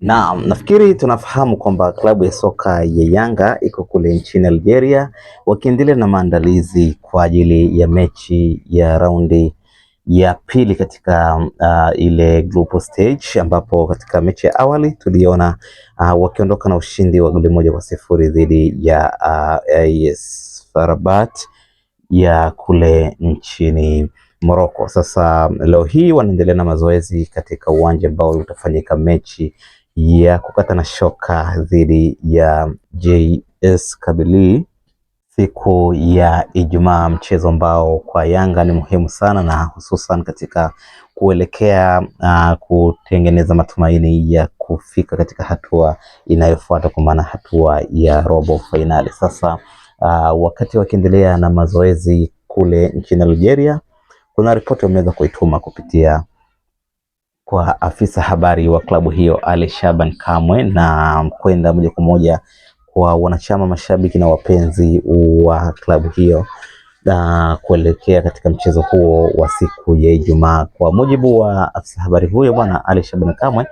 Na nafikiri tunafahamu kwamba klabu ya soka ya Yanga iko kule nchini Algeria wakiendelea na maandalizi kwa ajili ya mechi ya raundi ya pili katika uh, ile group stage ambapo katika mechi ya awali tuliona uh, wakiondoka na ushindi wa goli moja kwa sifuri dhidi ya uh, AS Farabat ya kule nchini Morocco. Sasa leo hii wanaendelea na mazoezi katika uwanja ambao utafanyika mechi ya kukata na shoka dhidi ya JS Kabylie siku ya Ijumaa, mchezo ambao kwa Yanga ni muhimu sana na hususan katika kuelekea uh, kutengeneza matumaini ya kufika katika hatua inayofuata kwa maana hatua ya robo fainali. Sasa uh, wakati wakiendelea na mazoezi kule nchini Algeria, kuna ripoti wameweza kuituma kupitia kwa afisa habari wa klabu hiyo Ali Shaban Kamwe, na kwenda moja kwa moja kwa wanachama, mashabiki na wapenzi wa klabu hiyo na kuelekea katika mchezo huo wa siku ya Ijumaa. Kwa mujibu wa afisa habari huyo bwana Ali Shaban Kamwe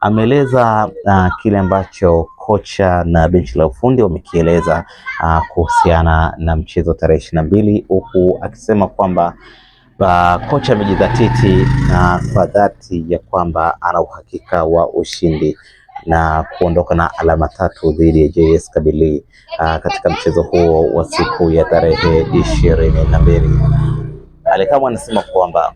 ameeleza uh, kile ambacho kocha na benchi la ufundi wamekieleza uh, kuhusiana na mchezo tarehe ishirini na mbili huku akisema kwamba ba kocha amejidhatiti na kwa dhati ya kwamba ana uhakika wa ushindi na kuondoka na alama tatu dhidi ya JS Kabylie ah, katika mchezo huo wa siku ya tarehe ishirini na mbili. Alikamwe anasema kwamba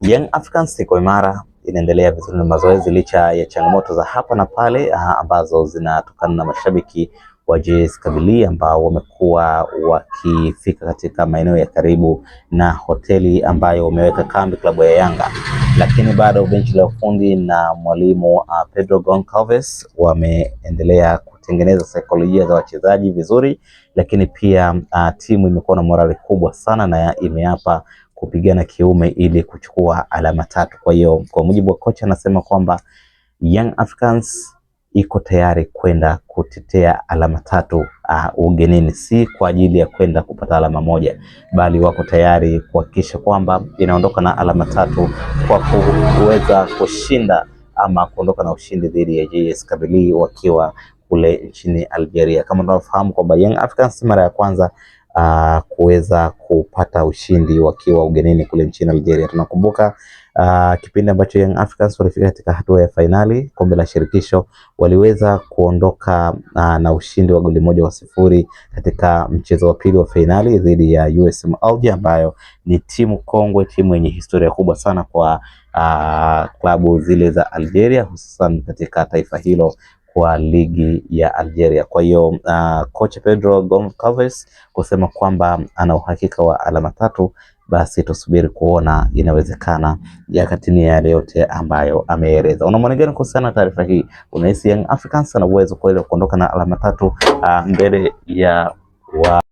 Young Africans iko imara, inaendelea vizuri na mazoezi licha ya changamoto za hapa na pale ah, ambazo zinatokana na mashabiki wa JS Kabylie ambao wamekuwa wakifika katika maeneo ya karibu na hoteli ambayo wameweka kambi klabu ya Yanga, lakini bado benchi la ufundi na mwalimu uh, Pedro Goncalves wameendelea kutengeneza saikolojia za wachezaji vizuri, lakini pia uh, timu imekuwa na morali kubwa sana na imeapa kupigana kiume ili kuchukua alama tatu. Kwa hiyo kwa mujibu wa kocha anasema kwamba Young Africans iko tayari kwenda kutetea alama tatu uh, ugenini, si kwa ajili ya kwenda kupata alama moja, bali wako tayari kuhakikisha kwamba inaondoka na alama tatu kwa kuweza kushinda ama kuondoka na ushindi dhidi ya JS Kabylie wakiwa kule nchini Algeria. Kama tunavyofahamu kwamba Young Africans mara ya kwanza uh, kuweza kupata ushindi wakiwa ugenini kule nchini Algeria. Tunakumbuka uh, kipindi ambacho Young Africans walifika katika hatua ya fainali kombe la shirikisho waliweza kuondoka uh, na ushindi wa goli moja wa sifuri katika mchezo wa pili wa fainali dhidi ya USM Alger ambayo ni timu kongwe, timu yenye historia kubwa sana kwa uh, klabu zile za Algeria hususan katika taifa hilo kwa ligi ya Algeria. Kwa hiyo uh, ah, coach Pedro Goncalves kusema kwamba ana uhakika wa alama tatu, basi tusubiri kuona inawezekana yakatimia yale yote ambayo ameeleza. Una maoni gani kuhusiana na taarifa hii? Unahisi Young Africans ana uwezo kweli wa kuondoka na alama tatu uh, mbele ya wa